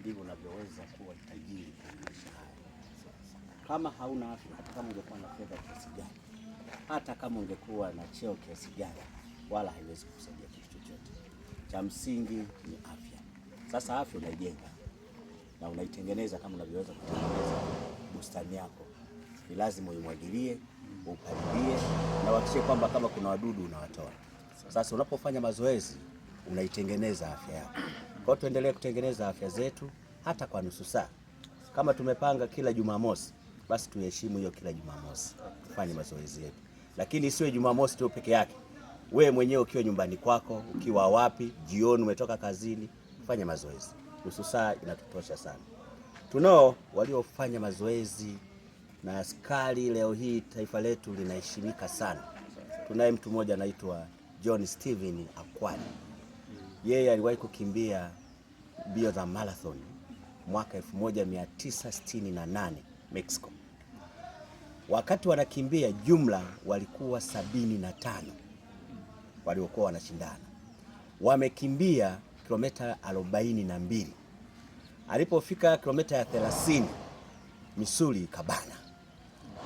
ndivyo unavyoweza kuwa tajiri kwa maisha haya. Kama hauna afya, hata kama ungekuwa na fedha kiasi gani, hata kama ungekuwa na cheo kiasi gani, wala haiwezi kusaidia kitu chochote. Cha msingi ni afya. Sasa afya unaijenga na unaitengeneza kama unavyoweza kutengeneza bustani yako. Ni lazima uimwagilie, upalilie na uhakikishe kwamba kama kuna wadudu unawatoa. Sasa unapofanya mazoezi unaitengeneza afya yako. Kwa tuendelee kutengeneza afya zetu hata kwa nusu saa. Kama tumepanga kila Jumamosi, basi tuheshimu hiyo kila Jumamosi, tufanye mazoezi yetu, lakini isiwe Jumamosi tu peke yake. We mwenyewe ukiwa nyumbani kwako, ukiwa wapi, jioni umetoka kazini, fanya mazoezi. Nusu saa inatutosha sana. Tunao waliofanya mazoezi na askari. Leo hii taifa letu linaheshimika sana. Tunaye mtu mmoja anaitwa John Steven Akwani, yeye aliwahi kukimbia mbio za marathon mwaka 1968 Mexico. Wakati wanakimbia jumla walikuwa sabini na tano waliokuwa wanashindana, wamekimbia kilomita 42. Alipofika kilomita ya 30 misuli ikabana,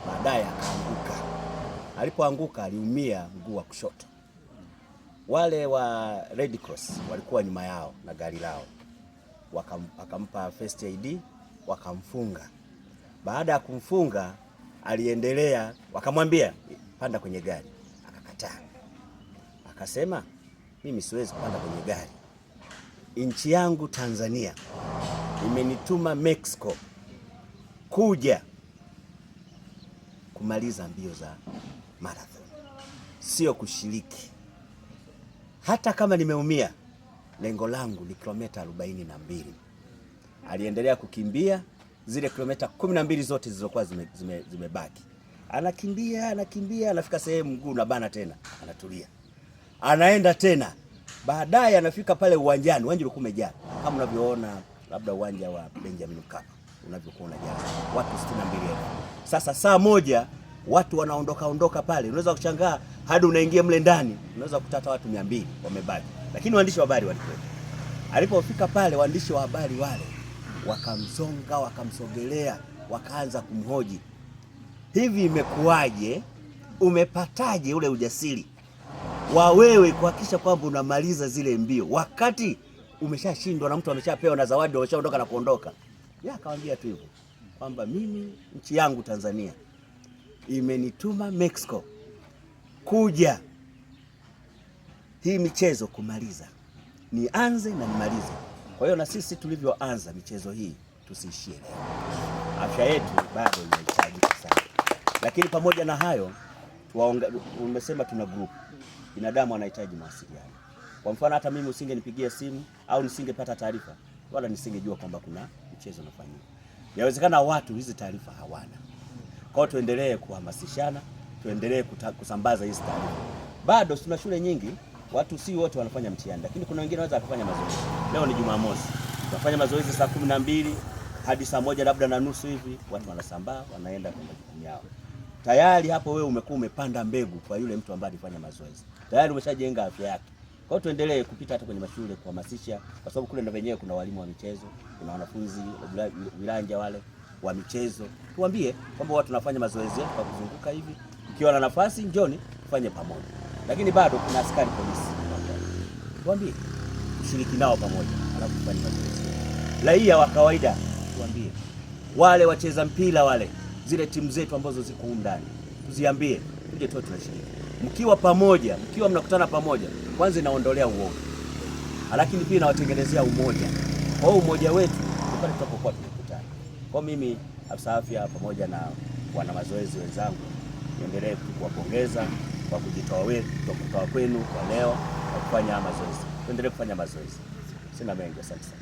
baadaye akaanguka. Alipoanguka aliumia mguu wa kushoto. Wale wa Red Cross walikuwa nyuma yao na gari lao wakampa first aid wakamfunga. Baada ya kumfunga aliendelea, wakamwambia panda kwenye gari, akakataa, akasema mimi siwezi kupanda kwenye gari, nchi yangu Tanzania imenituma Mexico kuja kumaliza mbio za marathon, sio kushiriki, hata kama nimeumia lengo langu ni kilomita arobaini mbili. Aliendelea kukimbia zile kilomita kumi mbili zote zilizokuwa zimebaki zime, zime anakimbia anakimbia, anafika sehemu mguu na bana tena, anatulia, anaenda tena, baadaye anafika pale uwanjani, uwanja ulikuwa umejaa kama unavyoona, labda uwanja wa Benjamin Mkapa unavyokuwa unajaa watu 62000 sasa saa moja watu wanaondoka ondoka pale, unaweza kushangaa hadi unaingia mle ndani, unaweza kutata watu 200 wamebaki lakini waandishi wa habari walikuwa. Alipofika pale, waandishi wa habari wale wakamsonga, wakamsogelea, wakaanza kumhoji, hivi imekuwaje? Umepataje ule ujasiri wa wewe kuhakikisha kwamba unamaliza zile mbio wakati umeshashindwa na mtu ameshapewa na zawadi, ameshaondoka na kuondoka? Ya akamwambia tu hivyo kwamba mimi nchi yangu Tanzania imenituma Mexico kuja hii michezo kumaliza, nianze na nimalize. Kwa hiyo na sisi tulivyoanza michezo hii tusiishie leo, afya yetu bado inahitajika sana. Lakini pamoja na hayo, umesema tuna group, binadamu anahitaji mawasiliano. Kwa mfano, hata mimi usingenipigia simu au nisingepata taarifa, wala nisingejua kwamba kuna mchezo unafanyika. Inawezekana watu hizi taarifa hawana. Kwa hiyo tuendelee kuhamasishana, tuendelee kusambaza hizi taarifa. Bado tuna shule nyingi Watu si wote wanafanya mtihani, lakini kuna wengine wanaweza kufanya mazoezi. Leo ni Jumamosi, tunafanya mazoezi saa kumi na mbili hadi saa moja labda na nusu hivi, watu wanasambaa wanaenda kwa majukumu yao. Tayari hapo wewe umekuwa umepanda mbegu kwa yule mtu ambaye alifanya mazoezi, tayari umeshajenga afya yake. Kwa hiyo tuendelee kupita hata kwenye mashule kuhamasisha, kwa sababu kule na wenyewe kuna walimu wa michezo, kuna wanafunzi wilanja wale wa michezo, tuambie kwamba watu wanafanya mazoezi kwa kuzunguka hivi, mkiwa na nafasi njoni fanye pamoja lakini bado kuna askari polisi tuambie, ushiriki nao pamoja, alafu fanye mazoezi. Raia wa kawaida tuambie, wale wacheza mpira wale, zile timu zetu ambazo ziko huko ndani tuziambie, tuje tu tunashiriki. Mkiwa pamoja, mkiwa mnakutana pamoja, kwanza inaondolea uoga, lakini pia inawatengenezea umoja. Kwa hiyo umoja wetu pale tutapokuwa tunakutana. Kwa mimi afisa afya pamoja na wana mazoezi wenzangu niendelee kuwapongeza kwa kujitoa wetu kwa kwenu kwa leo kwa kufanya mazoezi. Tuendelee kufanya mazoezi. Sina mengi, asante sana.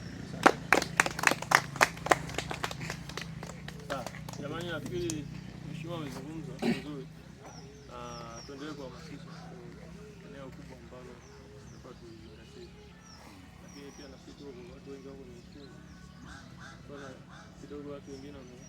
Jamani, nafikiri mheshimiwa amezungumza vizuri. Ah, tuendelee kuhamasisha eneo kubwa ambalo tunataka kuzingatia. Lakini pia nafikiri watu wengi wako ni kidogo, watu wengine wame